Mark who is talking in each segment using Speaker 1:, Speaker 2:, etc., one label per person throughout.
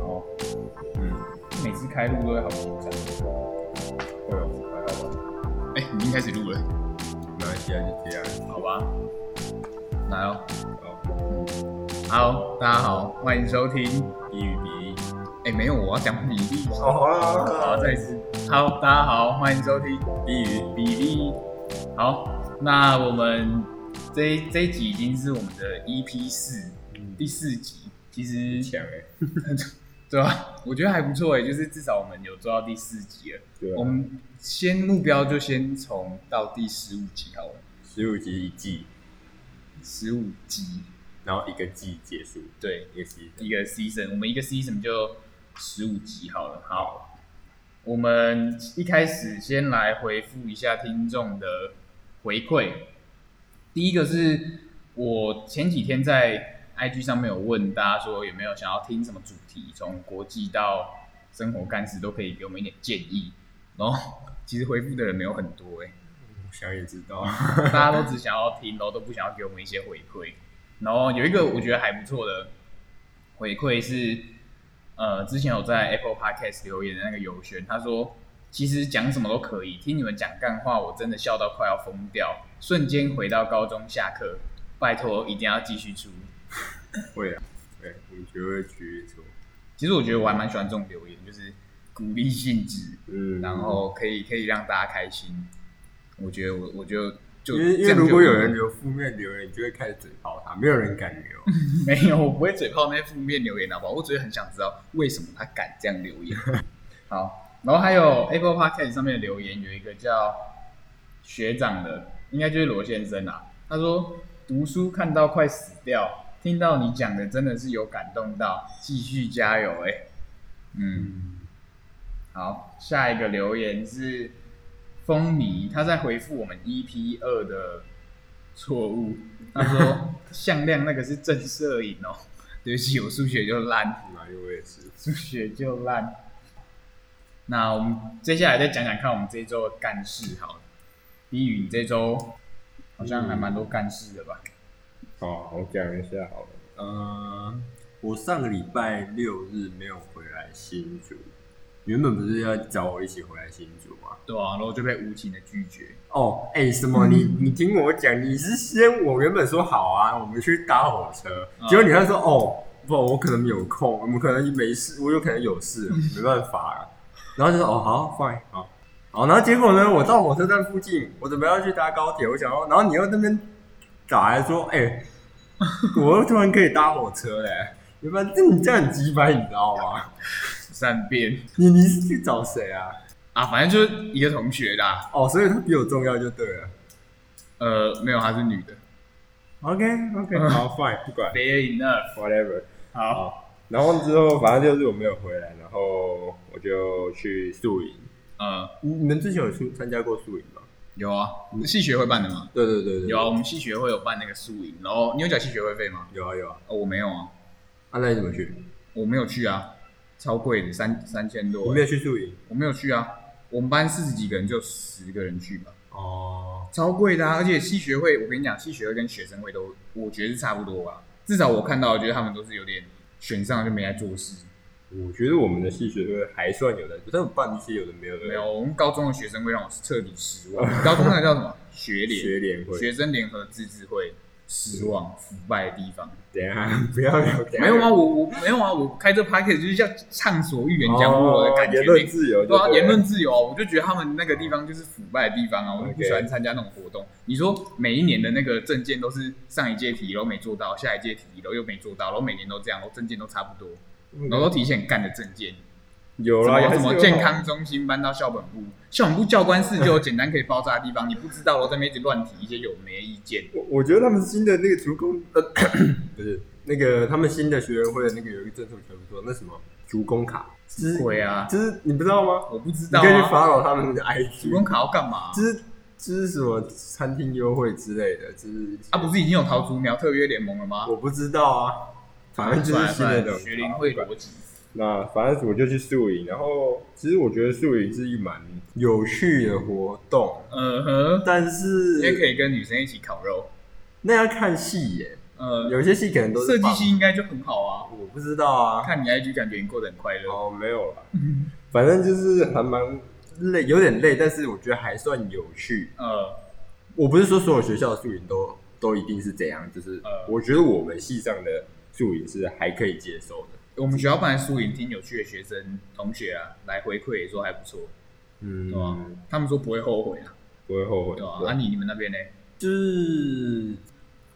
Speaker 1: 哦， 嗯，每次開錄都會好緊張，對哦，還好吧。哎，你已經開始錄了沒，沒關係啊，就這樣，好吧。
Speaker 2: 來哦，好，Hello，大家好，歡迎收聽比與比。哎，沒有，我要講比例。好啊，好，再一次，Hello，大家好，歡迎收聽比與比比。好，那我們這一這一集已經是我們的 EP4 第四集。其實強 對吧、啊？我覺得還不錯哎，就是至少我們有做到第四集了。對、啊，我們
Speaker 1: 先目標就先從到第十五集好了。十五集一季，十五集，然後一個季結束。對，一個，一個 season，
Speaker 2: 我們一個 season 就十五集好了。好，我們一開始先來回復一下聽眾的回饋。嗯、第一個是我前幾天在。IG 上面有問大家說有沒有想要聽什麼主題，從國際到生活干事都可以給我們一點建議。然後其實回復的人沒有很多誒、欸，我想也知道， 大家都只想要聽，然後都不想要給我們一些回饋。然後有一個我覺得還不錯的回饋是，呃，之前有在 Apple Podcast 留言的那個游軒，他說其實講什麼都可以，聽你們講幹話我真的笑到快要瘋掉，瞬間回到高中下課，拜託一定要繼續出。
Speaker 1: 會啊，對，我覺得沒
Speaker 2: 錯。其實我覺得我還蠻喜歡這種留言，就是鼓勵性質，嗯，嗯，然後可以可以讓大家開心。我覺得我，我就，就，因為，就因為如果有人留
Speaker 1: 負面留言，就會開始嘴炮他，沒有人敢留。 沒有，我不會嘴炮那些負面留言的，好不好？我
Speaker 2: 只是很想知道為什麼他敢這樣留言。 好，然後還有 Apple Podcast 上面的留言，有一個叫學長的，應該就是羅先生啊。他說讀書看到快死掉。聽到你講的真的是有感動到，繼續加油哎、
Speaker 1: 欸！嗯，
Speaker 2: 好，下一個留言是風迷，他在回復我們 EP 二的錯誤，誤他說 向量那個是正射影哦。對不起，我數學就爛嘛，因為我也是，數學就爛。那我們接下來再講講看我們這周的幹事好了，B 魚你這周好像還蠻多幹事
Speaker 1: 的吧？嗯好、哦，我講一下好了。嗯，我上個禮拜六日沒有回來新竹，原本不是要找我一起回來新竹嗎？對
Speaker 2: 啊，然後就被無情的拒絕。
Speaker 1: 哦，哎，什麼？嗯、你你聽我講，你是先我原本說好啊，我們去搭火車。Okay. 結果你還說哦，不，我可能沒有空，我們可能沒事，我有可能有事， 沒辦法、啊。然後就說哦，好，fine 好，好。然後結果呢，我到火車站附近，我準備要去搭高鐵，我想說，然後你要那邊。小孩說哎、欸？我又突然可以搭火車嘞、欸！沒辦法，你這樣很雞巴，你知道嗎？善變遍，你你是去找誰啊？啊，反正就
Speaker 2: 是一個同學啦。
Speaker 1: 哦，所以他比我重要就對了。
Speaker 2: 呃，沒有，他是女的。OK OK，、嗯、好 fine，不管。Fair bare enough，whatever。
Speaker 1: 好，好然後之後反正就是我沒有回來，然後我就去宿營。嗯，你們之前有去參加過宿營嗎？有啊，你們系學會辦的嘛？對對對對。有啊，我們系學會有
Speaker 2: 辦那個宿營，然後你有繳系學會費嗎？有啊有啊，
Speaker 1: 哦，我沒有啊，啊，那你怎麼去？我
Speaker 2: 沒有去啊，超貴的，三三千多。我沒有去宿營，我沒有去啊，我們班四十幾個人就十個人去吧。哦，超貴的，啊，而且系學會，我跟你講，系學會跟學生會都，我覺得是差不多吧，至少我看到，覺得他們都是有點選上就沒來做
Speaker 1: 事。我覺得我們的系學會還算有的，嗯、
Speaker 2: 但我們班是有的沒有的。沒有，我們高中的學生會讓我徹底失望的。 高中那個叫什麼
Speaker 1: 學聯？學聯會學
Speaker 2: 生聯合自治會，失望，嗯、腐敗的地方。對啊，不要聊。沒有啊，我我沒有啊，我開這 podcast 就是叫暢所欲言，講我的感覺沒哦哦哦，言論自由對，對啊，言論自由、哦。我就覺得他們那個地方就是腐敗的地方啊，我就不喜歡參加那種活動。Okay. 你說每一年的那個政見都是上一屆提然後沒做到，下一屆提然後又沒做到，然後每年都這樣，然後政見都差不多。我都提前幹了證件，
Speaker 1: 有啦。什麼健康
Speaker 2: 中心搬到校本部，校本部教官室就有簡單可以包紮的地方。你不知道，我在那邊亂提一些有沒意見。我我
Speaker 1: 覺得他們新的那個足弓，呃，不是那個他們新的學員會的那個有一個政策還不錯，那什麼足弓卡。鬼啊，就是你不知道嗎？我不知道，你可以去 follow 他們的 IG。足弓卡要幹嘛？就是就是什麼餐廳優惠之類的，就是他
Speaker 2: 不是已經有桃竹苗特約聯盟了嗎？我不知道啊。反正就是那
Speaker 1: 種、嗯、學會那、啊、反正我就去宿營，然後其實我覺得宿營是一蠻有趣的活動，
Speaker 2: 嗯哼，但是也可以跟女生一起烤肉，
Speaker 1: 那要看系耶、欸，嗯、有些系可能都設計系
Speaker 2: 應該就很好啊，我不知道啊，看你
Speaker 1: IG 感覺你過得很快樂哦，oh, 沒有了， 反正就是還蠻累，有點累，但是我覺得還算有趣，嗯、我不是說所有學校的宿營都都一定是這樣，就是我覺得我們系上的。就也是還可以接受的。我們學校本來宿營
Speaker 2: 挺有趣的學生同學啊，來回饋也說還不
Speaker 1: 錯，嗯，對他們說不會後悔啊，不會
Speaker 2: 後悔。對，吧對啊，那你你們那邊呢？
Speaker 1: 就是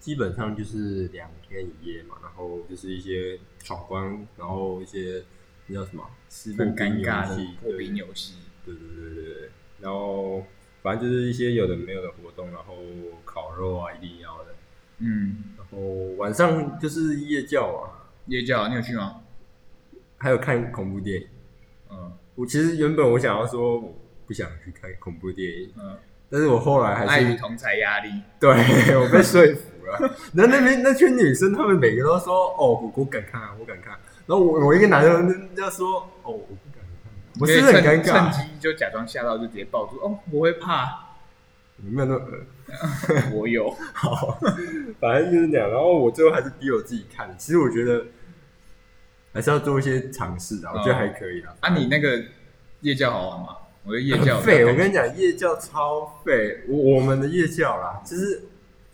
Speaker 1: 基本上就是兩天一夜嘛，然後就是一些闖關，然後一些那叫什麼？破冰遊戲，破冰遊戲。對對對對對。然後反正就是一些有的沒有的活動，然後烤肉啊一定要的，嗯。哦，晚上就是夜教啊，夜教，你有去嗎？還有看恐怖電影，嗯，我其實原本我想要說我不想去看恐怖電影，嗯，但是我後來還是迫於同儕壓力，對，我被說服了。 然後那那邊那群女生她們每個都說， 哦，我我敢看啊，我敢看。然後我我一個男生
Speaker 2: 就說， 哦，我不敢看，
Speaker 1: 我是很尷尬，趁機
Speaker 2: 就假裝嚇到就直接抱住，哦，我會怕。
Speaker 1: 有沒有。 我有， 好，反正就是這樣。然後我最後還是逼我自己看。其實我覺得，還是要做一些嘗試啊，我覺得還可以啦、嗯嗯、啊。啊，你那個夜教好玩嗎？我的夜教廢、呃。我跟你講，夜教超廢。我我們的夜教啦，其實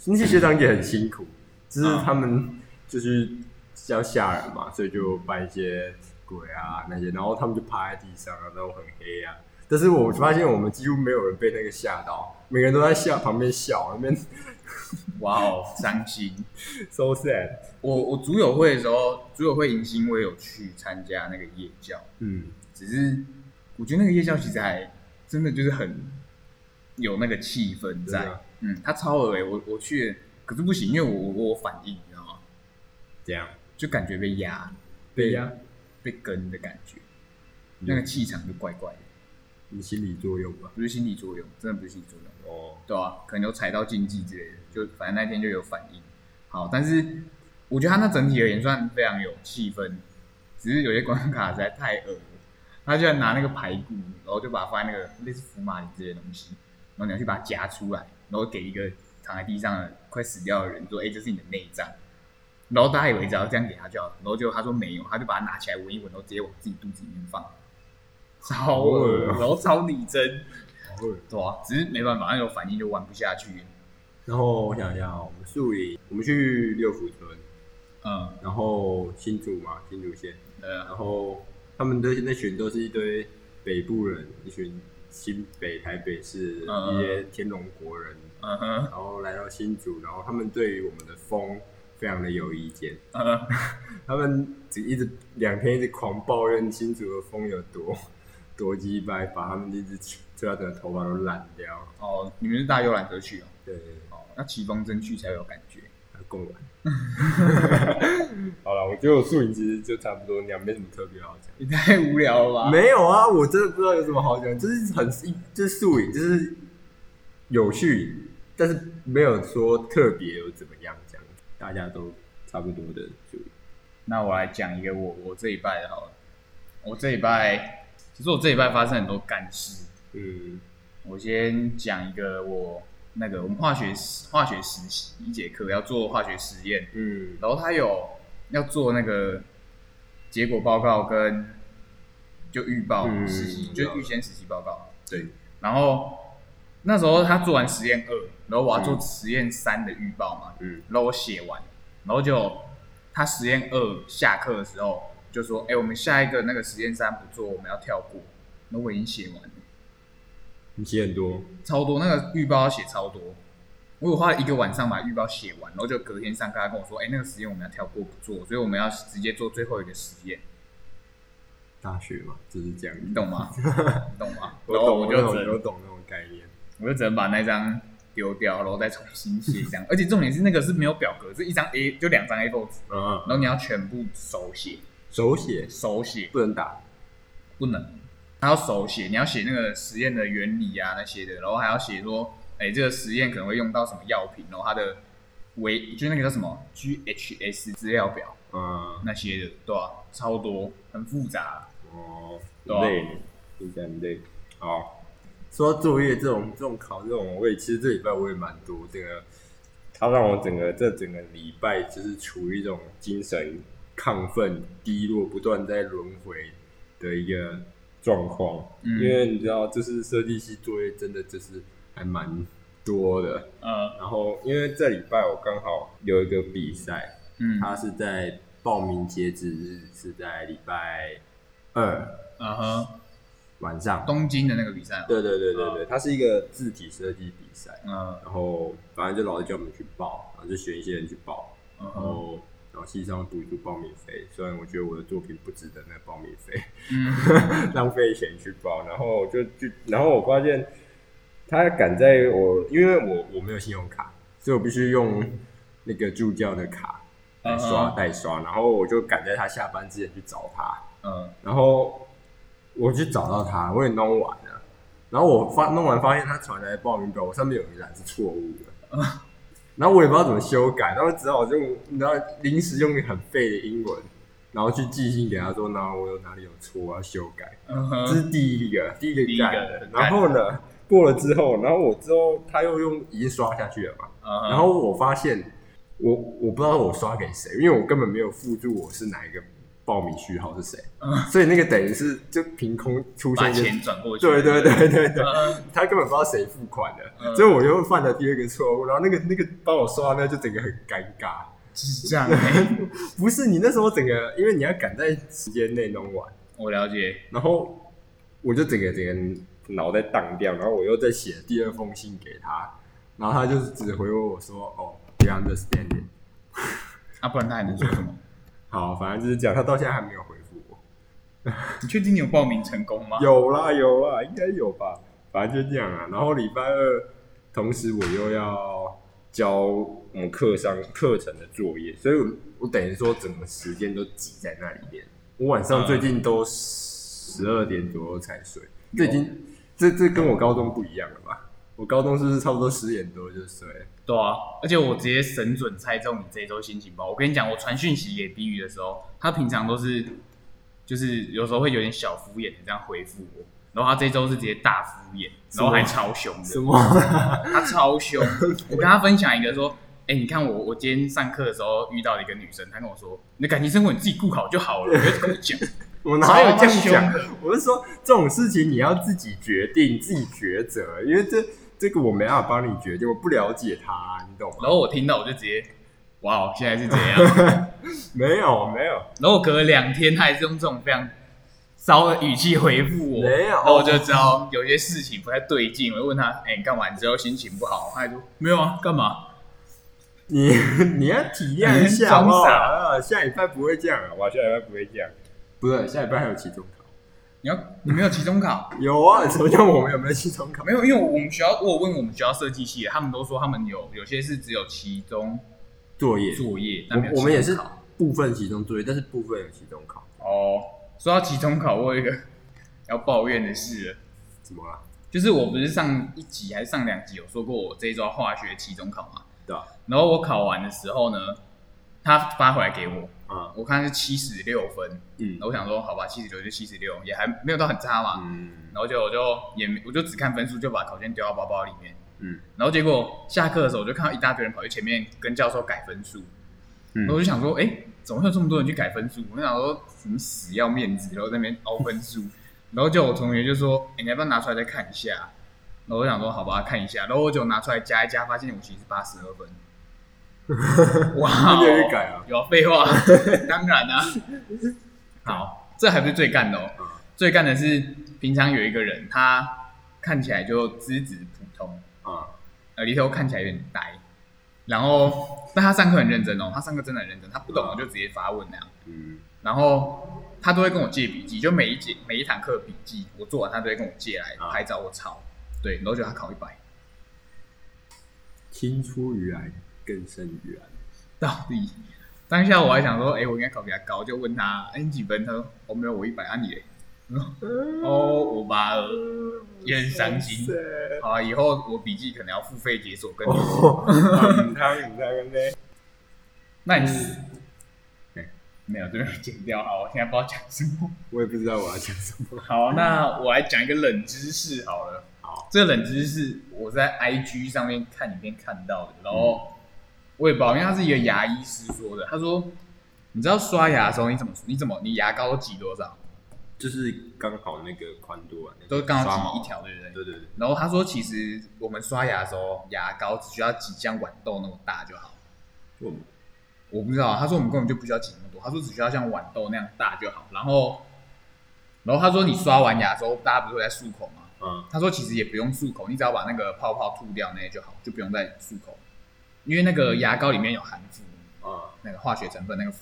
Speaker 1: 那些學長也很辛苦，就是他們就是比較嚇人嘛，所以就扮一些鬼啊那些，然後他們就趴在地上，然後很黑啊。但是我發現我們幾乎沒有人被那個嚇到，每個人都在笑，旁邊笑那邊，哇哦，
Speaker 2: 傷、wow, 心，so sad 我。我我組友會的時候，組友會迎新我也有去參加那個夜教，嗯，只是我覺得那個夜教其實還真的就是很有那個氣氛在，啊、嗯，他超惡，我我去，可是不
Speaker 1: 行，因為我我我反應你知道嗎？這樣？就感覺被壓，被壓壓，被跟的感覺，
Speaker 2: 嗯、那個
Speaker 1: 氣場就怪怪的。不是心理作用吧？
Speaker 2: 不是心理作用，真的不是心理作用。哦，對啊，可能有踩到禁忌之類的，就反正那天就有反應。好，但是我覺得他那整體而言算非常有氣氛，只是有些關卡實在太噁了。他居然拿那個排骨，然後就把它放在那個類似福馬林這些東西，然後你要去把它夾出來，然後給一個躺在地上的快死掉的人說：“欸，這是你的內臟。”然後大家以為只要這樣給他就好了，然後就他說沒有，他就把它拿起來聞一聞，然後直接往自己肚子裡面放。
Speaker 1: 超惡，oh、yeah. 然後超
Speaker 2: 擬真，超熱，對啊，只是沒辦法，那種反應就玩不
Speaker 1: 下去。然後我想一下、哦，我們樹林，我們去六福村，嗯、uh，huh. 然後新竹嘛，新竹縣，呃、uh，huh. 然後他們的那群都是一堆北部人，一群新北台北市、uh huh. 一些天龍國人，嗯哼、uh，huh. 然後來到新竹，然後他們對於我們的風非常的有意見，uh huh. 他們只一直兩天一直狂抱怨新竹的風有多。多幾拜，把他們那只抓的頭髮都染掉。哦，你們是大又懶得去哦。對，對，對。哦，那奇峰真取才有感覺。夠了。 好了，我覺得我宿營其實就差不多，也沒什麼特別好講。你太無聊了吧？沒有啊，我真的不知道有什麼好講，就是很就是宿營，就是有趣，但是沒有說特別有怎麼樣，講大家都差不多的就。那我來講一個我我這禮拜
Speaker 2: 的好了，我這禮拜。其實我這禮拜發生很多幹事，嗯，我先講一個我那個我們化學化學實習一節課要做化學實驗，嗯，然後他有要做那個結果報告跟，就預報實習，嗯、就預先實習報告，嗯、對。然後那時候他做完實驗二，然後我要做實驗三的預報嘛，嗯，然後我寫完，然後就他實驗二下課的時候就說：“哎、欸，我們下一個那個實驗三不做，我們要跳過。那我已經寫完
Speaker 1: 了，你寫很多、嗯，
Speaker 2: 超多。那個預報要寫超多，我有花一個晚上把預報寫完，然後就隔天上課，他跟我說：‘哎、欸，那個實驗我們要跳過不做，所以我們要直接做最後一個實驗。’大學嘛，就是這樣，你懂嗎？ 你懂嗎？我，我懂，我就只有懂那種概念，我就只能把那張丟掉，然後再重新寫一張 而且重點是那個是沒有表格，是一張 A 就兩張 A4 紙，嗯、然後你要全部手寫。”手寫、嗯、手寫不能打，不能，他要手寫。你要寫那個實驗的原理啊那些的，然後還要寫說，哎、欸，這個實驗可能會用到什麼藥品，然後他的維，就那個叫什麼 GHS 資料表，嗯，那些的對吧，啊？超多，
Speaker 1: 很複雜，哦、對、啊，對，對，對。好，說作業這種、嗯、這種考這種，我也其實這禮拜我也蠻多，這個，他讓我整個這整個禮拜就是處於一種精神，亢奮、低落，不斷在輪迴的一個狀況。哦嗯、因為你知道，就是設計系作業，真的就是還蠻多的。嗯，然後因為這禮拜我剛好有一個比賽，嗯，它是在報名截止日是在禮拜二，嗯晚上東京的那個比賽。哦、對對對對對，哦、它是一個字體設計比賽。嗯，然後反正就老師叫我們去報，然後就選一些人去報，嗯、然後。往線上補一注報名費，雖然我覺得我的作品不值得那報名費，嗯、 浪費錢去報。然後就就，然後我發現他趕在我，因為我我沒有信用卡，所以我必須用那個助教的卡
Speaker 2: 來刷代、
Speaker 1: 嗯、刷、刷。然後我就趕在他下班之前去找他，嗯，然後我就找到他，我也弄完了。然後我發弄完發現他傳來的報名表，我上面有一欄是錯誤的。嗯然後我也不知道怎麼修改，然後只好用，然後臨時用很廢的英文，然後去寄信給他，說，然後我有哪裡有錯我要修改，uh huh. 這是第一個，第一個。第一個的，然後呢，uh huh. 過了之後，然後我之後他又用已經刷下去了嘛，uh huh. 然後我發現，我我不知道我刷給誰，因為我根本沒有附注我是哪一個。報名序號是誰？嗯、所以那個等於是就憑空出現，把錢轉過去。對對對對對，嗯、他根本不知道誰付款的，嗯、所以我又犯了第二個錯誤。然後那個那個幫我刷，那就整個很尷尬，是這樣、欸。 不是你那時候整個，因為你要趕在時間內弄完，我了解。然後我就整個整個腦袋宕掉，然後我又再寫第二封信給他，然後他就只回我說哦，Beyond、oh, Standin，阿、啊、不然他還能說什麼？ 好，反正就是講，他到現在還沒有回復我。 你確定你有報名成功嗎？ 有啦，有啦，應該有吧。反正就這樣啊。然後禮拜二，同時我又要交我們課上課程的作業，所以我我等於說整個時間都擠在那裡面。我晚上最近都十二點左右才睡，嗯、這已經這這跟我高中不一樣了吧？嗯、我高中是不是差不多十點
Speaker 2: 多就睡。對啊，而且我直接神準猜中你這周心情吧。我跟你講，我傳訊息給 B 魚的時候，他平常都是就是有時候會有點小敷衍你這樣回復我，然後他這周是直接大敷衍，然後還超兇的。什麼？他超兇！ 對 我跟他分享一個說，哎、欸，你看我我今天上課的時候遇到了一個女生，她跟我說，你的感情生活你自己顧好就好了，我就這麼講。
Speaker 1: 我哪有這樣講？我是說這種事情你要自己決定，自己抉擇，因為這。這個我沒辦法幫你解決，我不了解他，啊，你懂
Speaker 2: 嗎？然後我聽到我就直接，哇，現在是這樣，
Speaker 1: 沒有 沒
Speaker 2: 有。然後隔了兩天他還是用這種非常騷的語氣回復我，沒有。然後我就知道有些事情不太對勁，我就問他，哎、 欸，你幹完之後心情不好，他還說沒有啊？幹嘛？
Speaker 1: 你你要體驗很裝傻啊？下一班不會這樣啊，哇下一班不會這樣、啊、哇下不會這樣不是，下一班還有其中。你要你沒有期中考？ 有啊，什麼叫我們有沒有期中考？ 沒
Speaker 2: 有，因為我們學校，我有問我們學校設計系，他們都說他們有，有些是只有期中作
Speaker 1: 業，作業。作業，但沒有期中考。我我們也是部分期中作業，但是部
Speaker 2: 分有期中考。哦，說到期中考，我有一個要抱怨的事，怎麼了？什麼啊？就是我不是上一集還是上兩集有說過我這一周化學期中考嗎？對啊。然後我考完的時候呢，他發回來給我。嗯，我看是七十六分，嗯，然後我想說，好吧，七十六就七十六，也還沒有到很差嘛，嗯，然後就我就也我就只看分數，就把考卷丟到包包裡面，嗯，然後結果下課的時候，我就看到一大堆人跑去前面跟教授改分數，嗯，然後我就想說，哎，怎麼會有這麼多人去改分數？我就想說，怎麼死要面子，然後在那邊凹分數，然後就我同學就說，誒、嗯欸、你要不要拿出來再看一下？然後我就想說，好吧，看一下，然後我就拿出來加一加，發現我其實是八十二分。哇哦！改啊，有廢話， 當然啦，啊。好，這還不是最幹的哦。嗯、最幹的是平常有一個人，他看起來就資質普通啊，呃、嗯，裡頭看起來有點呆。然後，但他上課很認真哦，他上課真的很認真，他不懂我就直接發問那樣。嗯。然後他都會跟我借筆記，就每一節每一堂課的筆記，我做完他都會跟我借來，嗯、拍照。我抄。對，然後就他考一百，
Speaker 1: 青出於藍。更深遠到底，當下我還想說，哎，我
Speaker 2: 應該考比較高，就問他，哎，你幾分？他說，哦，沒有，我一百。啊，你嘞？哦，我八二，也很傷心啊。以後我筆記可能要付費解鎖更多。那你沒有這邊剪掉好，我現在不知道講什
Speaker 1: 麼，我也不知道我要講什麼。
Speaker 2: 好，那我來講一個冷知識好了。好，這個冷知識我在 IG 上面看影片看到的，然後。我也不知道，因為他是一個牙醫師說的。他說：“你知道刷牙的時候你怎麼你怎麼你牙膏擠多少？”就是剛好那個寬度啊，都剛好擠一條，對不對？對對對。然後他說：“其實我們刷牙的時候，牙膏只需要擠像豌豆那麼大就好。”哦。我我不知道，他說我們根本就不需要擠那麼多，他說只需要像豌豆那樣大就好。然後，然後他說：“你刷完牙之後，大家不是在漱口嗎？”嗯。他說：“其實也不用漱口，你只要把那個泡泡吐掉那些就好，就不用再漱口。”因為那個牙膏裡面有含氟、嗯、那個化學成分那個氟，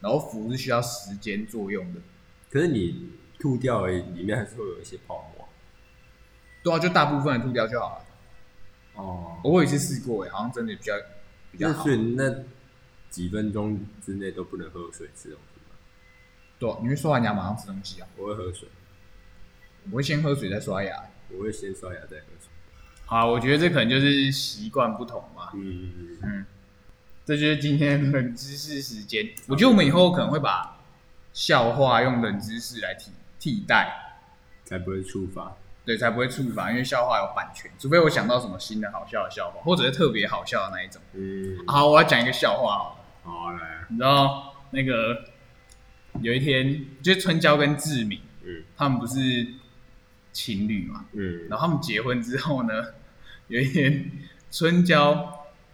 Speaker 2: 然後氟是需要時間作用的。
Speaker 1: 可是你吐掉而已，裡面還是會有一些泡沫。對啊，就大部分吐掉就好了。哦、嗯，我也是試過好像真的比較、嗯、比較好。但是那幾分鐘之內都不能喝水吃東西對、啊，你會刷完牙
Speaker 2: 馬上吃東西啊、喔？我會喝水，我會先喝水再刷牙。我會先刷牙再喝水。好啊，我覺得這可能就是習慣不同嘛。嗯嗯嗯，這就是今天冷知識時間。啊、我覺得我們以後可能會把笑話用冷知識來替替代，
Speaker 1: 才不會觸發。
Speaker 2: 對，才不會觸發，因為笑話有版權，除非我想到什麼新的好笑的笑話，或者是特別好笑的那一種。嗯，好，我要講一個笑話好了。
Speaker 1: 好嘞。你
Speaker 2: 知道那個有一天，就是春嬌跟志明，嗯，他們不是情侶嘛，嗯，然後他們結婚之後呢？有一天，春嬌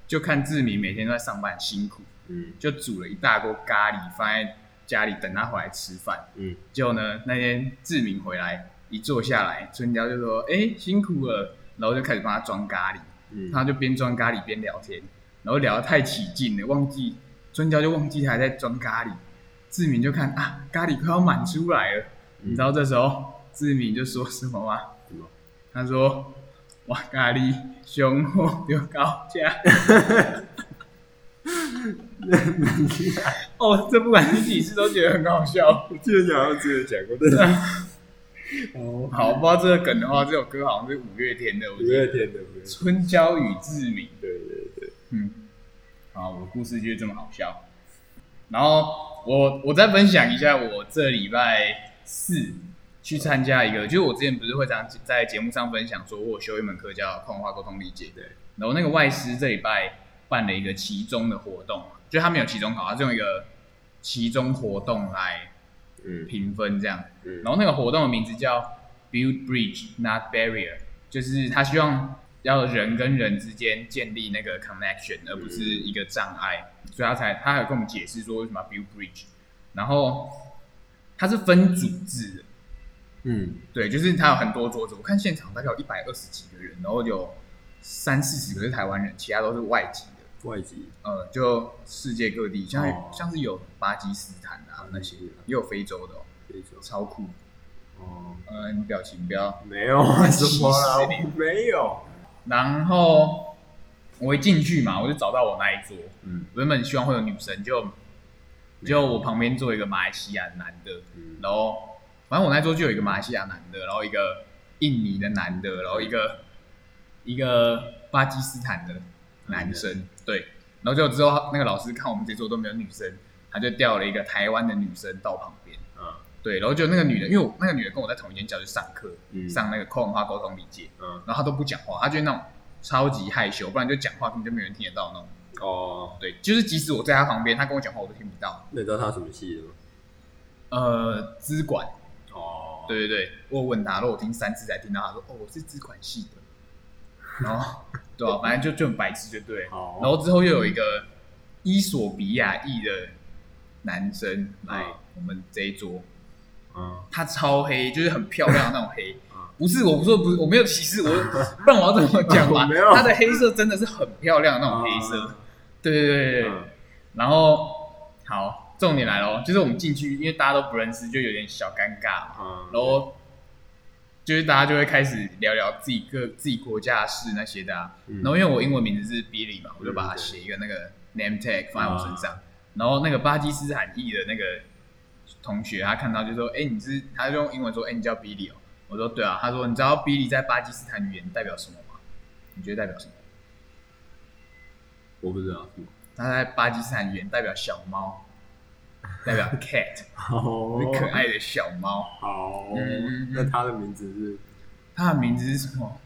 Speaker 2: 就看志明每天都在上班辛苦，嗯，就煮了一大鍋咖喱放在家裡等他回來吃飯，嗯，結果呢，那天志明回來一坐下來，春嬌就說：“哎、欸，辛苦了。”然後就開始幫他裝咖喱，嗯，他就邊裝咖喱邊聊天，然後聊得太起勁了，忘記春嬌就忘記他還在裝咖喱，志明就看啊，咖喱快要滿出來了，嗯、你知道這時候志明就說什麼嗎？哦、他說。哇，咖喱，上火有搞吃，
Speaker 1: 哦，這不管是幾次都覺得很好笑。 我記得好像
Speaker 2: 記得講過，真的。
Speaker 1: 哦， 好，不知
Speaker 2: 道這個梗的話，這首歌好像是五月天的。五月天的《春嬌與志明》。對對對。嗯。好，我故事就是這麼好笑。然後我我再分享一下我這禮拜四，去參加一個，就是我之前不是會常在節目上分享說，我有修一門課叫跨文化溝通理解。對，然後那個外師這禮拜辦了一個期中的活動，就他們有期中考，他就用一個期中活動來評分這樣。嗯嗯，然後那個活動的名字叫 Build Bridge, Not Barrier，就是他希望要人跟人之間建立那個 connection，而不是一個障礙。嗯，所以他才，他還有跟我們解釋說為什麼 Build Bridge。然後，他是分組
Speaker 1: 制的。嗯，
Speaker 2: 對，就是他有很多桌子，我看現場大概有一百二十幾個人，然後有三四十個是台灣人，其他都是外籍的。外籍，呃，就世界各地，像像是有巴基斯坦啊那些，也有非洲的，非洲超酷。嗯，表情不要，沒有，什麼，沒有。然後我一進去嘛，我就找到我那一桌，嗯，原本希望會有女生，就就我旁邊坐一個馬來西亞男的，然後。反正我那桌就有一個馬來西亞男的，然後一個印尼的男的，然後一個、嗯、一個巴基斯坦的男生，嗯、對。然後就之後那個老師看我們這桌都沒有女生，他就調了一個台灣的女生到旁邊。嗯，對。然後就那個女的，因為那個女的跟我在同一間教室上課，嗯、上那個跨文化溝通理解。嗯。然後她都不講話，她就那種超級害羞，不然就講話根本就沒人聽得到那種。哦，對，就是即使我在她旁邊，她跟我講話我都聽不到。你知道她什麼系的嗎？呃，資管。對對對，我有問他，然後我聽三次才聽到他說：“哦，我是這款系的。”
Speaker 1: 然後
Speaker 2: 對啊，反正就就很白痴，就對。哦、然後之後又有一個
Speaker 1: 伊索比亞
Speaker 2: 裔的男生來、嗯、我們這一桌，嗯、他超黑，就是很漂亮那種
Speaker 1: 黑。嗯、
Speaker 2: 不是，我不說，不是，我沒有歧視，我不然我要怎麼講吧？哦、他的黑色真的是很漂亮那種黑色。嗯、對、對對對。嗯、然後好。重點來嘍，嗯、就是我們進去，因為大家都不認識，就有點小尷尬。嗯、然後就是大家就會開始聊聊自己個自己國家的事那些的、啊。嗯、然後因為我英文名字是 Billy 嘛，我就把它寫一個那個 name tag 放在我身上。嗯啊、然後那個巴基斯坦裔的那個同學，他看到就說：“哎、欸，你是？”他用英文說：“哎、欸，你叫 Billy 哦。”我說：“對啊。”他說：“你知道 Billy 在巴基斯坦語言代表什麼嗎？”你覺得代表什麼？
Speaker 1: 我不知道。嗯、他
Speaker 2: 在巴基斯坦語言代表小貓。代表 cat，
Speaker 1: 很 好可愛的
Speaker 2: 小貓。好，嗯、那它的名字是它的名字是什麼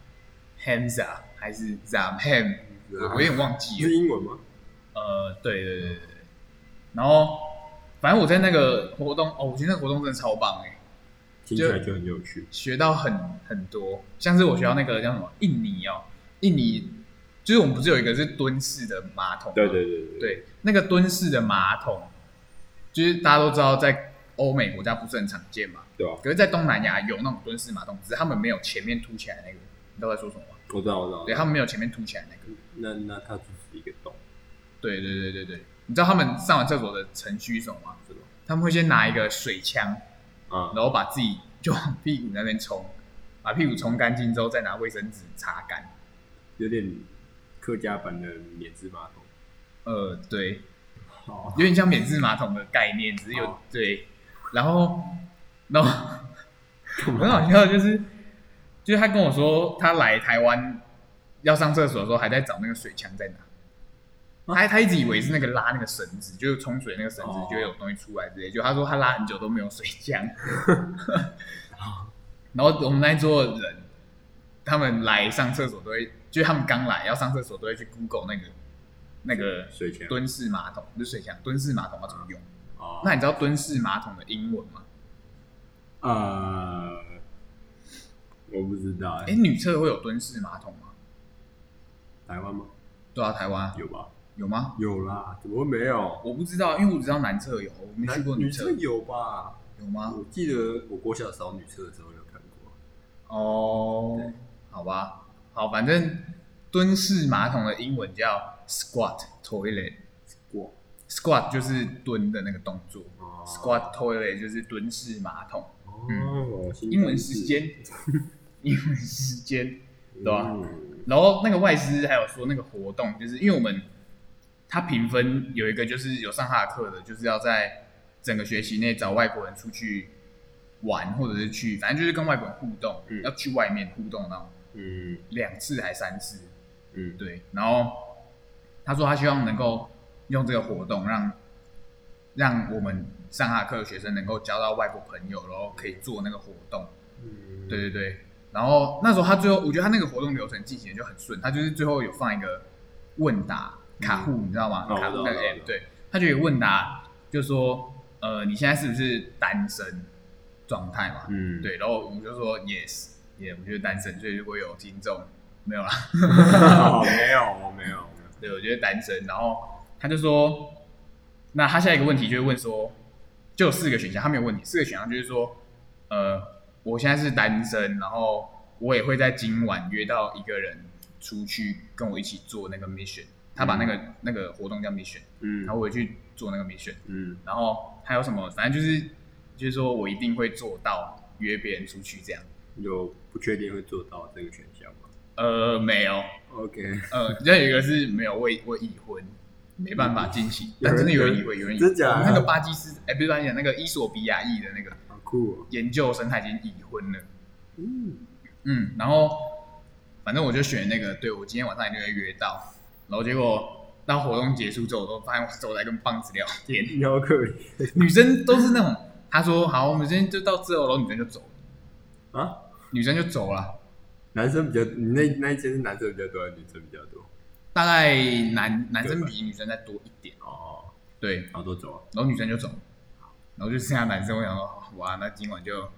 Speaker 2: ？Hamza 還是 Zam Ham？、啊、我有點忘記了。是英文嗎？呃，對對對對，然後，反正我在那個活動哦，我覺得那個活動真的超棒哎，聽起來就很有趣，學到很很多。像是我學到那個叫什麼印尼哦，印尼就是我們不是有一個是蹲式的馬桶？對對對對對，對那個蹲式的馬桶。就是大家都知道，在歐美國家不是很常見嘛，對吧？可是，在東南亞有那種蹲式馬桶，只是他們沒有前面凸起來的那個。你知道在說什麼嗎？我知道，我知道。對，他們沒有前面凸起來的那個。那那它就是一個洞。對對對對對，你知道他們上完廁所的程序是什麼嗎？知道、嗯。他們會先拿一個水槍，啊、嗯，然後把自己就往屁股那邊衝，嗯、把屁股衝乾淨之後，再拿衛生紙擦
Speaker 1: 乾。有點客家版的免治馬桶。呃，對。有點像免治馬桶的
Speaker 2: 概念，只是有、oh.
Speaker 1: 對，然後，
Speaker 2: 然後 很好笑就是，就是他跟我說他來台灣要上廁所的時候還在找那個水槍在哪，oh. 他他一直以為是那個拉那個繩子，就是沖水那個繩子就有東西出來之類的，就他說他拉很久都沒有水槍， oh. 然後我們那一桌人他們來上廁所都會，就他們剛來要上廁所都會去 Google 那個。那個蹲式馬桶，不是水箱。蹲式馬桶要怎麼用？哦，那你知道蹲式馬桶的英文嗎？
Speaker 1: 呃，我不知道。哎、欸，女廁
Speaker 2: 會有蹲式馬
Speaker 1: 桶嗎？台灣嗎？對啊，台灣。有吧？有嗎？有啦，怎麼
Speaker 2: 會沒有？我不知道，因為我只知道男廁有，我沒去過女廁。
Speaker 1: 有吧？有嗎？我記得我國小的時候，女廁的時候有看過。哦、
Speaker 2: oh，好吧，好，反正蹲式馬桶的英文叫。Squat toilet，Squat 就是蹲的那個動作。Squat toilet 就是蹲式馬桶。
Speaker 1: 英文時間，
Speaker 2: 英文時間，對吧、啊？Mm. 然後那個外師還有說那個活動，就是因為我們他評分有一個就是有上他的課的，就是要在整個學期內找外國人出去玩，或者是去反正就是跟外國人互動，mm. 要去外面互動那種。嗯，mm. 兩次還三次。嗯，mm. 對，然後。他說他希望能夠用這個活動讓讓我們上他課的學生能夠交到外國朋友，然後可以做那個活動。嗯，對對對。然後那時候他最後，我覺得他那個活動流程進行的就很順。他就是最後有放一個問答卡戶，你知道嗎、嗯？卡戶、嗯。對，他就有問答，就說呃，你現在是不是單身狀態嘛？嗯，對。然後我們就說 yes，也、yes, yes, 我覺得單身。所以如果有聽眾，沒有啦，好 沒有，我沒有。對，我覺得單身，然後他就說，那他下一個問題就會問說，就有四個選項，他沒有問題，四個選項就是說，呃，我現在是單身，然後我也會在今晚約到一個人出去跟我一起做那個 mission，他把那個、嗯、那個活動叫 mission，嗯，然後我會去做那個 mission，嗯，然後還有什麼，反正就是就是說我一定會做到約別人出去這樣，你就不確定會做到這個選項嗎？呃，沒有，OK，呃，再有一個是沒有未未已，已婚，沒辦法進行。 但真的有人以為，有人以為。 真的假的？那個巴基斯坦，哎、欸，不是講那個伊索比亞裔的那個，好酷、哦。研究生他已經已婚了。嗯，嗯，然後反正我就選那個，對我今天晚上也就會約到，然後結果到活動結束之後，我發現我走在跟棒子聊天，好酷。 女生都是那種，他說好，我們今天就到這了，女生就走了
Speaker 1: 啊，女生就走了。啊男生比較，你那那間是男生比較多還是女生比較多？大概男吧男生比女生再多一點。哦，哦，
Speaker 2: 對，好多走、啊、然後女生就走，好，然後就剩下男生。我想說，哇，那今晚就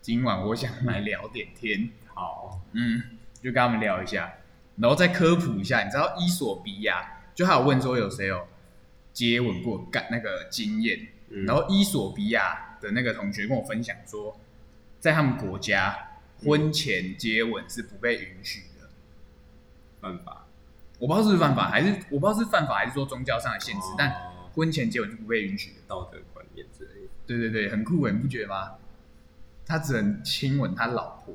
Speaker 2: 今晚我想來聊點天。嗯、好，嗯，就跟他們聊一下，然後再科普一下。你知道伊索比亞？就還有問說有誰有接吻過？幹那個經驗。嗯、然後伊索比亞的那個同學跟我分享說，在他們國家。嗯婚前接吻是不被允許的。嗯，犯法？我不知道是不是犯法，犯法還是我不知道是犯法，還是說宗教上的限制？哦、但婚前接吻就不被允許的
Speaker 1: 道德觀念之類
Speaker 2: 的。對對對，很酷，你不覺得嗎？他只能親吻他老婆，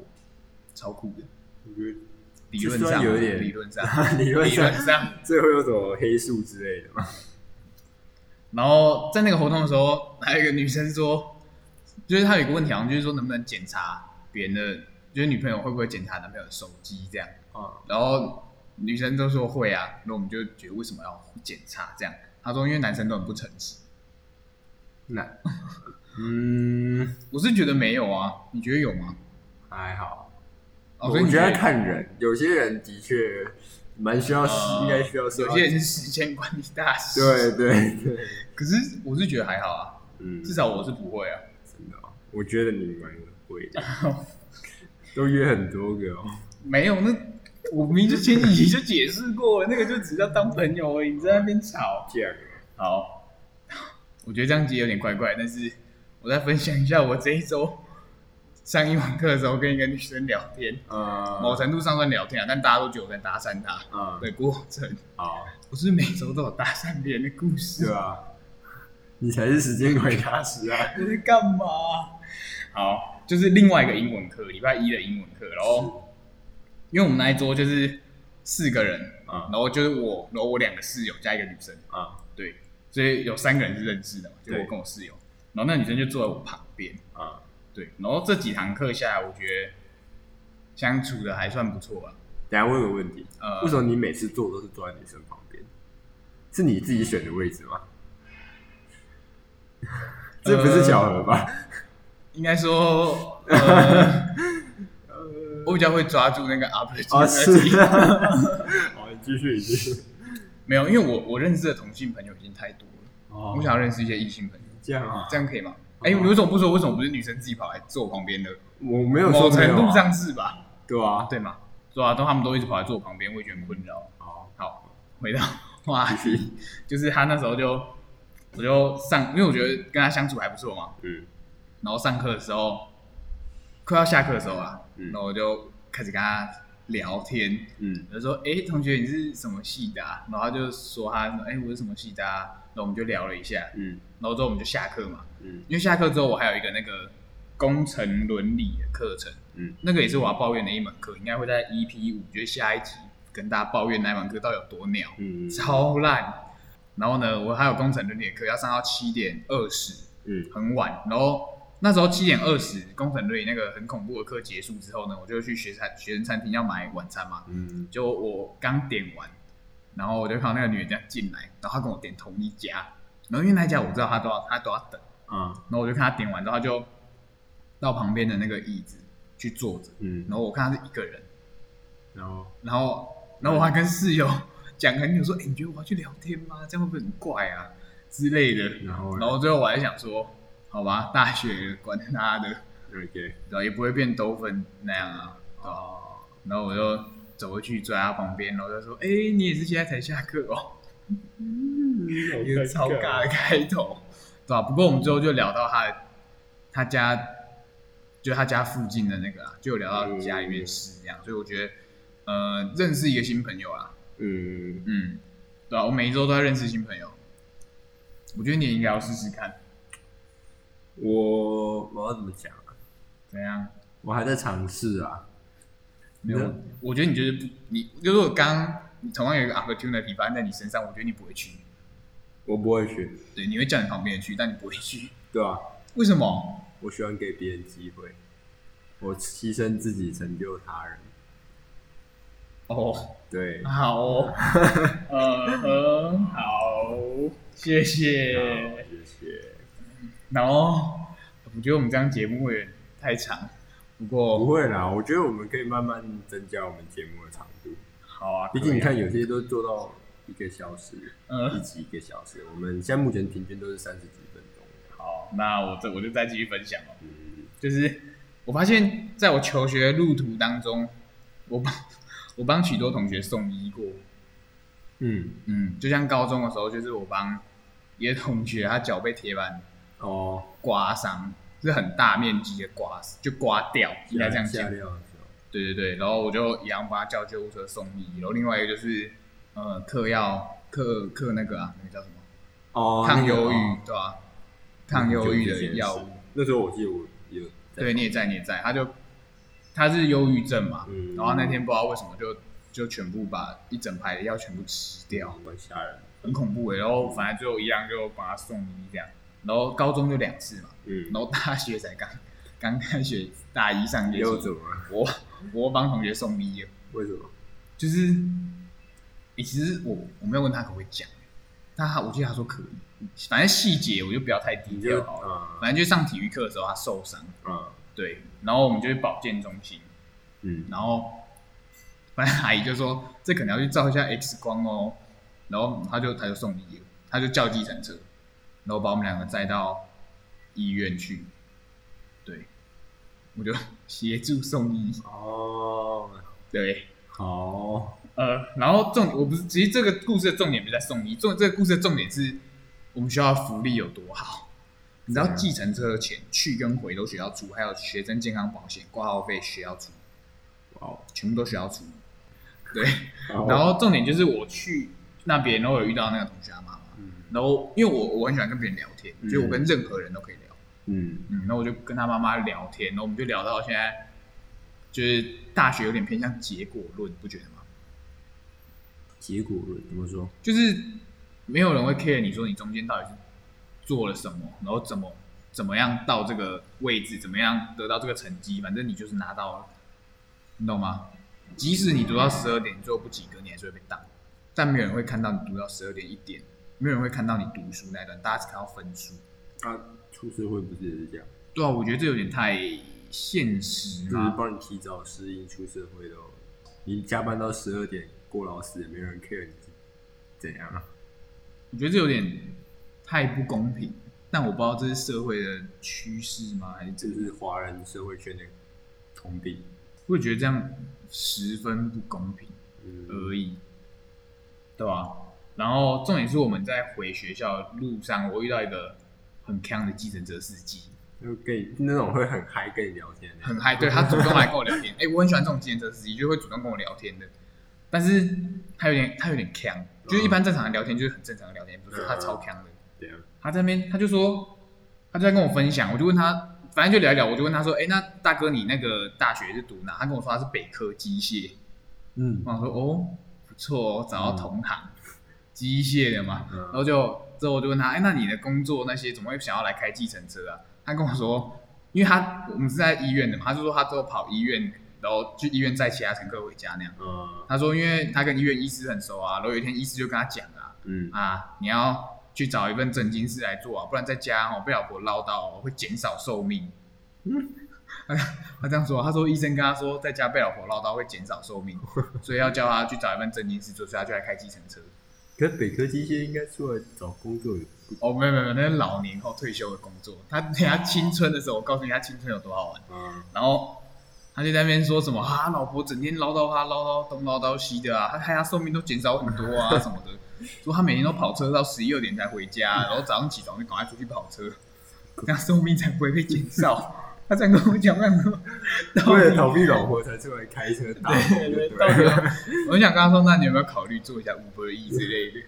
Speaker 1: 超酷的。我覺得理論上有點，理論上，啊、理論上，理論上最後有什麼黑素之類的嗎
Speaker 2: 然後在那個活動的時候，還有一個女生說，就是她有一個問題好像就是說能不能檢查？別人的就是女朋友會不會檢查男朋友的手機這樣？啊、嗯，然後女生都說會啊，那我們就覺得為什麼要檢查這樣？他說因為男生都很不誠實。那哪， 嗯，我是覺得沒有啊，你覺得有嗎？還好，我覺得在看人，
Speaker 1: 有些人的確蠻需要，嗯、應該需要，需要有些人是時間管理大師。對對對，可是我是覺得還好啊，嗯、至少我是不會啊，真的、哦，我覺得沒關係。 都約很多個哦、喔， 沒有那
Speaker 2: 我明明就前幾集就解釋過， 那個就只要當朋友而已，你在那邊吵 好， 我覺得這樣子有點怪怪，但是我再分享一下我這一周上英文課的時候跟一個女生聊天，嗯、某程度上算聊天、啊，但大家都覺得我在搭訕她啊的過程啊，不好是每周都有搭訕別人的故事？對啊，
Speaker 1: 你才是時間鬼大
Speaker 2: 師啊！ 你在幹幹嘛？ 好。就是另外一個英文課，禮拜一的英文課，然後，是因為我們那一桌就是四個人啊，然後就是我，然後我兩個室友加一個女生啊，對，所以有三個人是認識的嘛，就我跟我室友，對然後那女生就坐在我旁邊啊，對，然後這幾堂課下來，我覺得相處的還算不錯吧。等下問
Speaker 1: 個問題，呃、為什麼你每次坐都是坐在女生旁邊？是你自己選的位置嗎？ 這不是巧合吧？呃
Speaker 2: 應該說，呃，我比較會抓住那個 upper。是，好，繼續，繼續。沒有，因為我我認識的同性朋友已經太多了，我想要認識一些異性朋友。這樣啊，這樣可以嗎？哎，為什麼不說？為什麼不是女生自己跑來坐我旁邊呢？我沒有說。程度上是吧？對啊，對嘛？是啊，都他們都一直跑來坐我旁邊，也覺得很困擾。好，好，回到話題，就是他那時候就，我就上，因為我覺得跟他相處還不錯嘛。嗯。然後上課的時候，快要下課的時候啊，嗯、然後我就開始跟他聊天，嗯，他說：“誒同學，你是什麼系的？”啊？然後他就說：“他，誒我是什麼系的、啊？”然後我們就聊了一下，嗯，然後之後我們就下課嘛，嗯，因為下課之後我還有一個那個工程倫理的課程，嗯，那個也是我要抱怨的一門課，嗯、應該會在 EP 五，我覺得下一集跟大家抱怨那一門課到底有多鳥，嗯嗯、超爛。然後呢，我還有工程倫理的課要上到七點二十，嗯，很晚，然後。那時候七點二十，工程隊那個很恐怖的課結束之後呢，我就去學生學生餐廳要買晚餐嘛。嗯。就我剛點完，然後我就看到那個女人家進來，然後她跟我點同一家，然後因為那一家我知道她都要她都要等。嗯、啊。然後我就看她點完之後，她就到旁邊的那個椅子去坐着。嗯。然後我看她是一個人。
Speaker 1: 然後。
Speaker 2: 然後，然後我還跟室友講、嗯、 很久說、欸：“你覺得我要去聊天嗎？這樣會不會很怪啊之類的？”然後，然後，然後最後我還想說。好吧，大學管他的，然後 也不會變抖粉那樣啊。哦，oh. 然後我就走過去，坐在他旁邊，然後就說：“哎、欸，你也是現在才下課哦。”一個超尬的開頭，oh, that 對吧、啊？不過我們最後就聊到他、mm. 他家，就他家附近的那個啊，就聊到家裡面事一樣。Mm. 所以我覺得，呃，認識一個新朋友啊，嗯、
Speaker 1: mm. 嗯，
Speaker 2: 對吧、啊？我每一周都在認識新朋友，
Speaker 1: 我覺得你也應該要試試看。我我要怎麼講啊？怎樣？我還在嘗試啊。沒有，嗯、我覺得你覺得不，你
Speaker 2: 就是我剛，你同樣有一個 opportunity 發生在你身上，我覺得你不會去。
Speaker 1: 我不會去。對，你會叫你旁邊人去，但你不會去。對啊。為什麼？我喜歡給別人機會，我犧牲自己成就他人。Oh, 對哦。對、 呃。
Speaker 2: 好。嗯嗯，好，謝謝。謝謝。然後、no, 我覺得我們這樣節目會
Speaker 1: 太長。不過不會啦，我覺得我們可以慢慢增加我們節目的長度。好啊，畢竟、啊、你看有些都做到一個小時，嗯、一集一個小時，我們現在目前平均都是三十幾分鐘。好，那我這我就再繼續分享了。嗯，就
Speaker 2: 是我發現，在我求學的路途當中，我幫我幫許多同學送醫過。嗯嗯，就像高中的時候，就是我幫一個同學，他腳被鐵板。哦，刮傷、就是很大面積的刮，就刮掉，應該這樣講。對對對，然後我就一樣把他叫救護車送醫。然後另外一個就是，呃，嗑藥嗑嗑那個啊，那個叫什麼？
Speaker 1: 哦，抗憂鬱，哦、對啊，嗯、抗憂鬱的藥物。那時候我記得我
Speaker 2: 有，對，你也在，你也在，他就他是憂鬱症嘛，嗯、然後那天不知道為什麼就就全部把一整排的藥全部吃掉，很嚇人，嗯、很恐怖的、欸。嗯、然後反正最後一樣就把他送醫這樣。然後高中就兩次嘛，嗯，然後大學才剛，剛開學大一上學又我我幫同學送畢業，為什麼？就是、欸，其實我我沒有問他可不可以講，他我記得他說可以，反正細節我就不要太低調、哦，嗯、反
Speaker 1: 正
Speaker 2: 就上體育課的時候他受傷，嗯，對，然後我們就去保健中心，嗯，然後，反正阿姨就說這可能要去照一下 X 光，哦，然後他就他就送醫藥，他就叫計程車。然後把我們兩個載到醫院去，對，我就協助送醫。
Speaker 1: 哦，oh.
Speaker 2: 對，好，oh. 呃，然後重我不是，其實這個故事的重點不在送醫，重這個故事的重點是我們學校福利有多好。Yeah. 你知道計程車的錢去跟回都學校出，還有學生健康保險掛號費學校出，哦，oh. 全部都學校出。對，oh. 然後重點就是我去那邊，然後有遇到那個同學阿媽。然後，因為我我很喜歡跟別人聊天，嗯、所以我跟任何人都可以聊。嗯嗯，那、嗯、我就跟他媽媽聊天，然後我們就聊到現在，就是大學有點偏向結果論，不覺得嗎？
Speaker 1: 結果論怎麼說？
Speaker 2: 就是沒有人會 care 你說你中間到底是做了什麼，然後怎麼怎麼樣到這個位置，怎麼樣得到這個成績，反正你就是拿到了，你懂嗎？即使你讀到十二點最後不及格，你還是會被當，但沒有人會看到你讀到十二點一點。沒有人會看到你讀書那段，大家只看到分數。
Speaker 1: 啊，出社會不是也是這樣？對啊，我覺得這有點太現實啊。就是幫你提早適應出社會的哦，你加班到十二點，過勞死也沒有人 care 你怎樣啊？
Speaker 2: 我覺得這有點太不公平。但我不知道這是社會的趨勢嗎？還是這是華人社會圈的通病？我覺得這樣十分不公平而已，嗯、對吧、啊？然後重點是我們在回學校路上，我遇到一個很鏘的計程車司機，
Speaker 1: 就跟、okay, 那種會很
Speaker 2: 嗨跟你聊天的，很嗨，對，他主動來跟我聊天。哎、 欸，我很喜歡這種計程車司機，就會主動跟我聊天的。但是他有點，他有點鏘，嗯、就是一般正常的聊天就是很正常的聊天，不是他超鏘的。對啊、嗯，他這邊他就說，他就在跟我分享，我就問他，反正就聊一聊，嗯、我就問他說，哎、欸，那大哥你那個大學是讀哪？他跟我說他是北科機械，嗯，我想說哦，不錯哦，我找到同行。嗯機械的嘛，然後就之後我就問他，哎、欸，那你的工作那些怎麼會想要來開計程車啊？他跟我說，因為他我們是在醫院的嘛，他就說他之後跑醫院，然後去醫院載其他乘客回家那樣。嗯、他說，因為他跟醫院醫師很熟啊，然後有一天醫師就跟他講啊，嗯、啊，你要去找一份正經事來做啊，不然在家哦、喔、被老婆嘮叨會減少壽命。嗯。 他這樣說，他說醫生跟他說，在家被老婆嘮叨會減少壽命，所以要叫他去找一份正經事做，所以他就來開計程車。
Speaker 1: 可北科機械應該出來找工作。哦，
Speaker 2: 沒有沒有沒那是、個、老年後退休的工作。他等他青春的時候，我告訴你他青春有多好玩。嗯。然後他就在那邊說什麼啊，他老婆整天嘮叨他，嘮叨東嘮叨西的啊，他他他壽命都減少很多啊什麼的。 說他每天都跑車到十一二點才回家，嗯、然後早上起床就趕快出去跑車，這樣、嗯、壽命才不會被減少。嗯嗯 他在跟我講幹什麼？為了 逃避老婆，才出來開車打的，我想跟他說，那你有沒有考慮做一下 Uber Eats 之類的？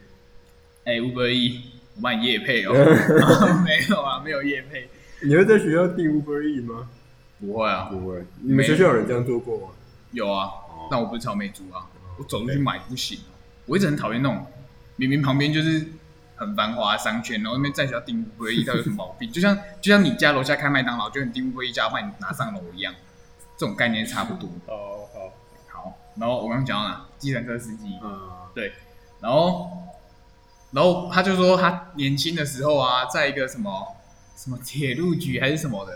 Speaker 2: 哎、 欸，Uber Eats，我賣你業配哦，喔。 沒有啊，沒有業配。
Speaker 1: 你會在學校訂 Uber Eats 嗎？
Speaker 2: 不會啊，不會。你們學校有人這樣做過嗎？有啊，哦、但我不是草莓族啊。哦、我走出去買不行，對我一直很討厭那種，明明旁邊就是。很繁華商圈，然後那邊再叫丁富貴，到底 有什麼毛病？就像就像你家樓下開麥當勞，就你丁不貴一家把你拿上樓一樣， 這種概念差不多。哦，好、哦，好。然後我剛剛講到哪？計程車司機。嗯，對。然後,、嗯、然,後然後他就說他年輕的時候啊，在一個什麼什麼鐵路局還是什麼的，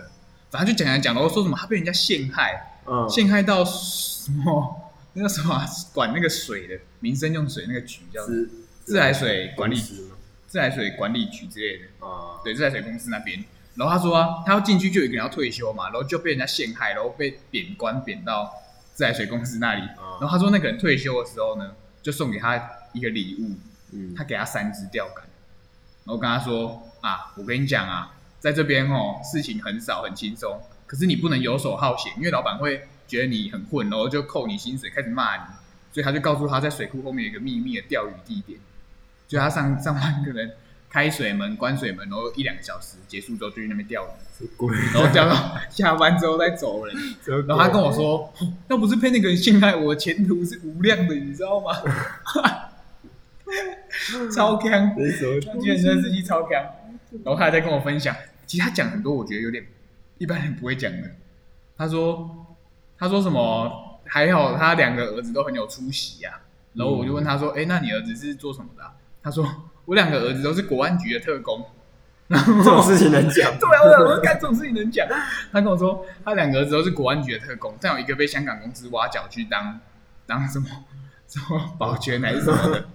Speaker 2: 然後他就講講講，然後說什麼他被人家陷害，嗯、陷害到什麼那個什麼管那個水的民生用水那個局叫自來水管理局立自來水管理局之類的啊，uh. 對，自來水公司那邊。然後他說啊，他要進去就有一個人要退休嘛，然後就被人家陷害，然後被貶官貶到自來水公司那裡。Uh. 然後他說那個人退休的時候呢，就送給他一個禮物，uh. 他給他三支釣竿，然後跟他說啊，我跟你講啊，在這邊哦，事情很少很輕鬆，可是你不能游手好閒，因為老板會覺得你很混，然後就扣你薪水，開始罵你。所以他就告訴他在水庫後面有一個秘密的釣魚地點。就他上上班，可能開水門關水門，然後一兩個小時結束之後就去那邊釣魚，怪然後釣到怪下班之後再走人。怪然後他跟我說：“要不是被那個人陷害，我的前途是無量的，你知道嗎？”超鏘，他居然說自己超鏘。然後他還在跟我分享，其實他講很多我覺得有點一般人不會講的。他說：“他說什麼？還好他兩個兒子都很有出息呀、啊。”然後我就問他說、嗯欸：“那你兒子是做什麼的、啊？”他說：“我兩個兒子都是國安局的特工，然後這種事情能講、 啊？對啊，我我敢這種事情能講。”他跟我說：“他兩個兒子都是國安局的特工，但有一個被香港公司挖角去當當什麼什麼保全還是什麼的，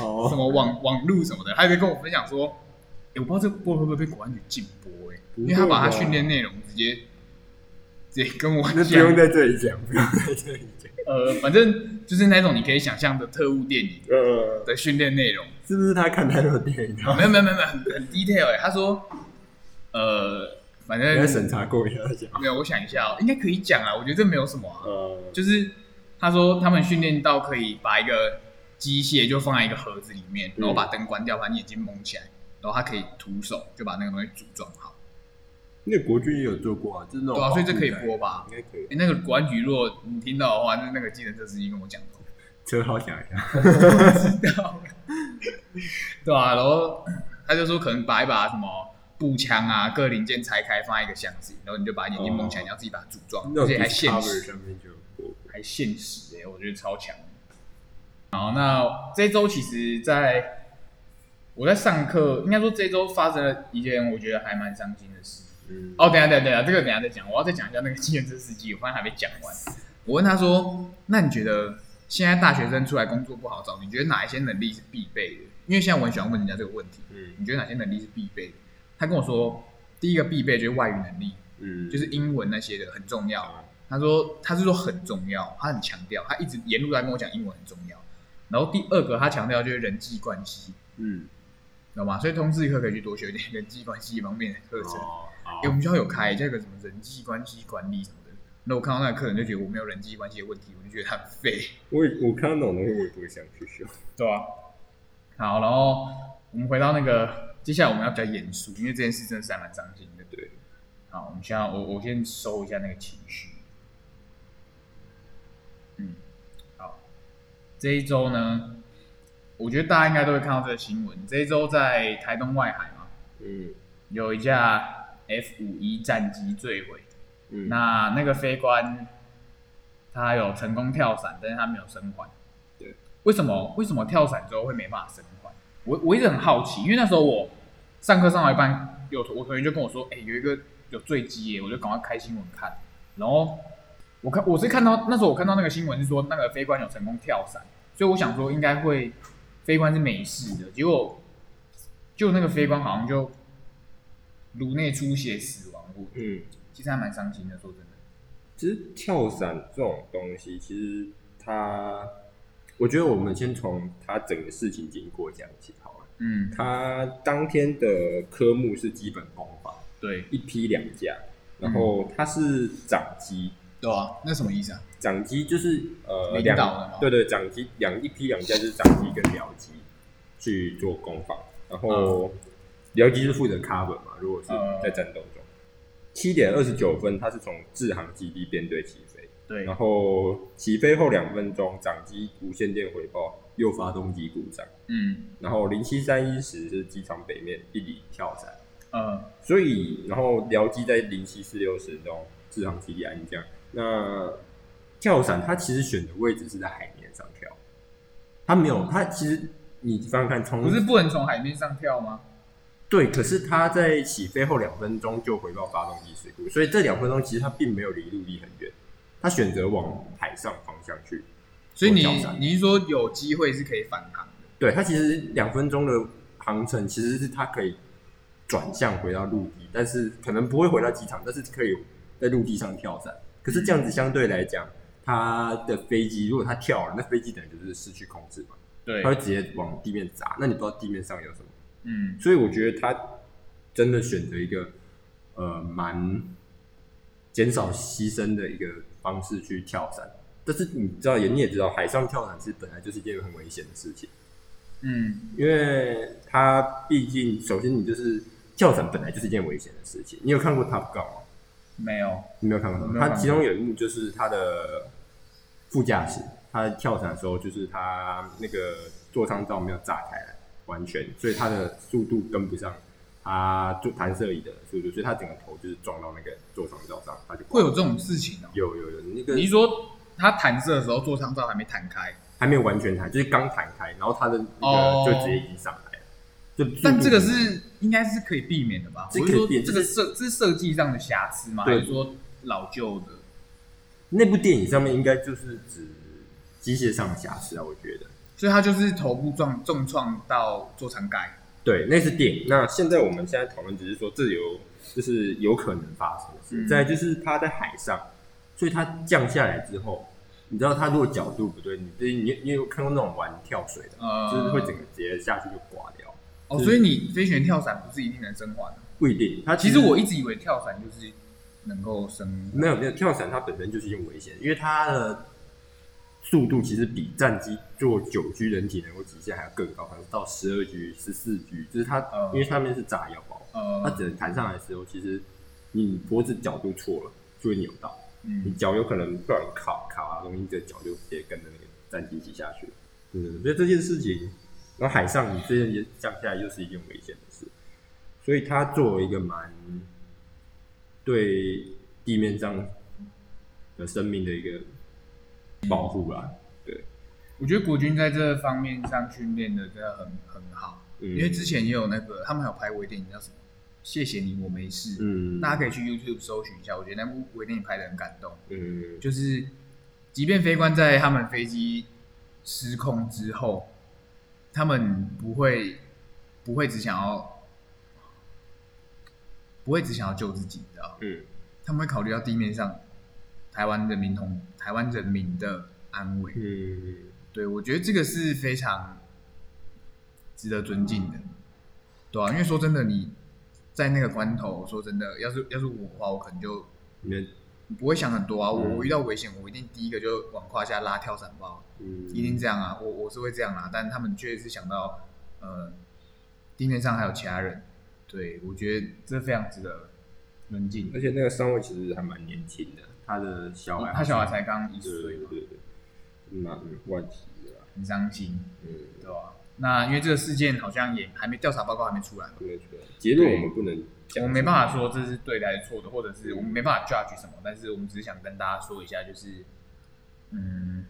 Speaker 2: 哦，什麼網、哦、網路什麼的。”他就跟我分享說、欸：“我不知道這波會不會被國安局禁播、欸，哎、啊，因為他把他訓練內容直接，直接跟我，那不用在這裡講，不用在這裡講。”呃，反正就是那種你可以想象的特務電影的訓練內容、呃，是不是他看那種電影的？啊？沒有沒有沒有很很 detail 哎、欸，他說，呃，反正要審查過一下，沒有，我想一下，喔，應該可以講啊，我覺得這沒有什麼啊，呃、就是他說他們訓練到可以把一個機械就放在一個盒子裡面，然後把燈關掉，把眼睛蒙起來，然後他可以徒手就把那個東西組裝好。
Speaker 1: 那國軍也有做過啊，真、就、的、是。哦對啊，所以這可以播
Speaker 2: 吧？應該可以。哎、欸，那個國安局，如果你聽到的話，那那個技能測試已經跟我講過
Speaker 1: 了。車號講一下。 知道。
Speaker 2: 對啊，然後他就說可能把一把什麼步槍啊，各零件拆開放在一個箱子，然後你就把眼睛蒙起來，哦、你要自己把它組裝。而且還限時。就還限時哎，我覺得超強。好，那這周其實在我在上課，應該說這周發生了一件我覺得還蠻傷心的事。哦，等下、嗯，等下、oh, 啊啊啊，這個等一下再講。我要再講一下那個計程車司機，我剛剛還沒講完。我問他說：“那你覺得現在大學生出來工作不好找？你覺得哪一些能力是必備的？”因為現在我很喜歡問人家這個問題。嗯、你覺得哪些能力是必備的？他跟我說，第一個必備就是外語能力，嗯、就是英文那些的很重要。他說，他是說很重要，他很強調，他一直沿路在跟我講英文很重要。然後第二個，他強調就是人際關係，嗯，知道嗎？所以通識課可以去多學點人際關係方面的課程。哦為、欸、好我們學校有開一個什麼人際關係管理什麼的。那我看到那個客人，就覺得我沒有人際關係的問題，我就覺得他很廢。
Speaker 1: 我也我看到這種東西我也不會想去學。
Speaker 2: 對啊。好，然後我們回到那個，接下來我們要比較嚴肅，因為這件事真的是還蠻正經的，對不對。好，我們現在我我先收一下那個情緒。嗯。好。這一周呢，我覺得大家應該都會看到這個新聞。這一周在台東外海嘛，嗯，有一架。F-5E 戰機墜毀，嗯，那那個飛官，他有成功跳傘，但是他沒有生還。對，為什麼？嗯、為什麼跳傘之後會沒辦法生還？我我一直很好奇，因為那時候我上課上到一半，有我同學就跟我說，哎、欸，有一個有墜機、欸、我就趕快開新聞看。然後我看，我是看到那時候我看到那個新聞是說那個飛官有成功跳傘，所以我想說應該會、嗯、飛官是沒事的，結果就那個飛官好像就。顱內出血死亡物。嗯，其實還蠻傷心的。說真的，其
Speaker 1: 實跳傘這種東西，其實它，
Speaker 2: 我覺得我們先
Speaker 1: 從它整個事情經過講起好了。嗯，它當天的科目是基本攻防，對，一批兩架，然後它是長機，對啊、嗯，那什麼意思啊？長機就是呃，兩對對長機兩一批兩架就是長機跟僚機去做攻防，然後僚機是負責 cover 嘛。如果是在戰鬥中，七點二十九分，它是從志航基地編隊起飛，對，然後起飛後兩分鐘，長機無線電回報右發動機故障，嗯,然嗯，然後零七三一時是機場北面一裡跳傘，嗯，所以然後僚機在零七四六時中志航基地安降，那跳傘他其實選的位置是在海面上跳，他沒有，嗯、他其實你翻看從不是不能從
Speaker 2: 海面上跳嗎？
Speaker 1: 對，可是他在起飛後兩分鐘就回報發動機事故，所以這兩分鐘其實他並沒有離陸地很遠，他選擇往海上方向去。所以你你是
Speaker 2: 說有機會是可以返航的？
Speaker 1: 對，他其實兩分鐘的航程其實是他可以轉向回到陸地，但是可能不會回到機場，但是可以在陸地上跳傘。可是這樣子相對來講，他的飛機如果他跳了，那飛機等於就是失去控制嘛？對，他會直接往地面砸。那你不知道地面上有什麼？嗯，所以我覺得他真的選擇一個呃，蠻減少犧牲的一個方式去跳傘。但是你知道，也你也知道，海上跳傘其實本來就是一件很危險的事情。嗯，因為他畢竟，首先，你就是跳傘本來就是一件危險的事情。你有看過 Top Gun 嗎？沒有，你沒有看過。有他其中有一幕就是他的副駕駛，他跳傘的時候，就是他那個座艙罩沒有炸開來。完全，所以它的速度跟不上，它、啊、就彈射椅的速度，所以它整個頭就是撞到那個座艙罩上，它就會有這種事情的、啊。有有有，那個你是說
Speaker 2: 它彈射的時候，座艙罩還沒彈開，
Speaker 1: 還沒有完全彈，就是剛彈開，然後它的那個就直接已經上來了。哦、但這個是應該是可以避免的吧？以我是說這個
Speaker 2: 設、就是、這是設計上的瑕疵嗎？對還是說老舊的？那部電影上面應該就是指
Speaker 1: 機械上的瑕疵啊，我
Speaker 2: 覺得。所以它就是頭部撞重創到座艙蓋，
Speaker 1: 對，那是電影。那現在我們現在討論只是說，這裡有就是有可能發生的事。嗯、再就是他在海上，所以它降下來之後，你知道，它如果角度不對，你對，你你有看過那種玩跳水的，嗯、就是會整個直接下去就掛掉。嗯、
Speaker 2: 是哦，所以你飛行員跳傘不是一定能生還的，不一定。他其實我一直以為跳傘就是能夠生，
Speaker 1: 沒有、嗯、沒有，跳傘它本身就是有危險，因為它的。速度其實比戰機做 9G 人體能夠極限還要更高，可是到十二 g 十四 g 就是它、呃、因為上面是炸藥包，呃、它只能彈上來的時候，其實你脖子角度錯了就會扭到，嗯、你腳有可能突然卡卡啊，容易你的腳就直接跟着那個戰機擠下去。對，所以這件事情，那海上你這件降下來又是一件危險的事，所以它做了一個蠻對地面上的生命的一個。保護吧。對，我覺得國
Speaker 2: 軍在這方面上訓練得真的很很好。嗯。因為之前也有那個，他們有拍微電影叫什麼？謝謝你，我沒事。嗯。大家可以去 YouTube 搜尋一下，我覺得那部微電影拍得很感動。嗯。就是，即便飛官在他們飛機失控之後，他們不會不會只想要，不會只想要救自己的。嗯。他們會考慮到地面上，台灣人民同台灣人民的安危，嗯，對，我覺得這個是非常值得尊敬的，嗯、對啊，因為說真的，你在那個關頭，說真的要，要是要是我的話，我可能就，沒不會想很多啊。我、嗯、我遇到危險，我一定第一個就往胯下拉跳傘包，嗯，一定這樣啊。我我是會這樣啊。但他們確實是想到，呃，地面上還有其他人，
Speaker 1: 對，我覺得這非常值得尊敬。而且那個三位其實還蠻年輕的。他的小孩，嗯，他小孩才剛一歲嘛，對對對，的、啊嗯，很
Speaker 2: 傷心，對吧、啊？那因為這個事件好像也還沒調查報告還沒出來嘛，沒對，對，對，對結論，我們
Speaker 1: 不能，我們沒辦法說這是
Speaker 2: 對的還是錯的，或者是我們沒辦法 judge 什麼，但是我們只是想跟大家說一下，就是，嗯，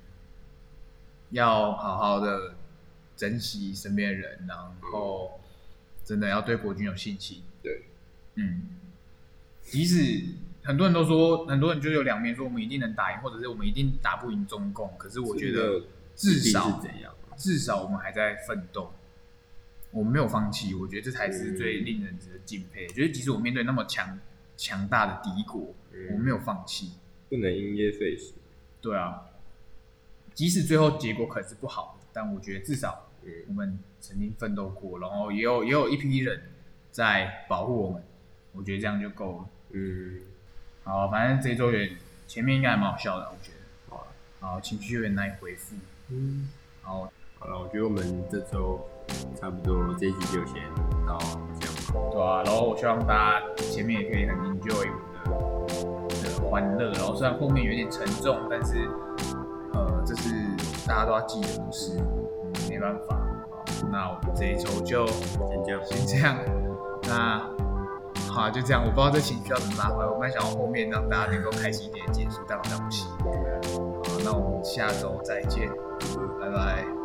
Speaker 2: 要好好的珍惜身邊的人，然後真的要對國軍有信心，對，
Speaker 1: 嗯，
Speaker 2: 即使。很多人都說，很多人就有兩面，說我們一定能打贏，或者是我們一定打不贏中共。可是我覺得，至少怎樣，至少我們還在奮鬥，我們沒有放棄。嗯、我覺得這才是最令人敬佩。嗯、就是即使我們面對那麼強強大的敵國，嗯、我沒有放棄，不能因噎廢食。對啊，即使最後結果可是不好，但我覺得至少我們曾經奮鬥過，嗯、然後也有也有一批人在保護我們。嗯、我覺得這樣就夠了。嗯。好，反正這一周也前面應該還蠻好笑的，我覺得。好，好情緒有點難以恢復。
Speaker 1: 嗯。
Speaker 2: 好，好了，我覺得我們這週差不多這一集就先到這樣吧。對啊，然後我希望大家前面也可以很 enjoy 我們的，的歡樂，然後雖然後面有點沉重，但是呃，這是大家都要記住的事，嗯，沒辦法。好，那我們這一周就先這樣，先這樣那。好啊，就這樣。我不知道這情緒要怎麼拉回來。我蠻想要後面讓大家能夠開心一點結束，但好像不行。好，那我們下周再見，拜拜。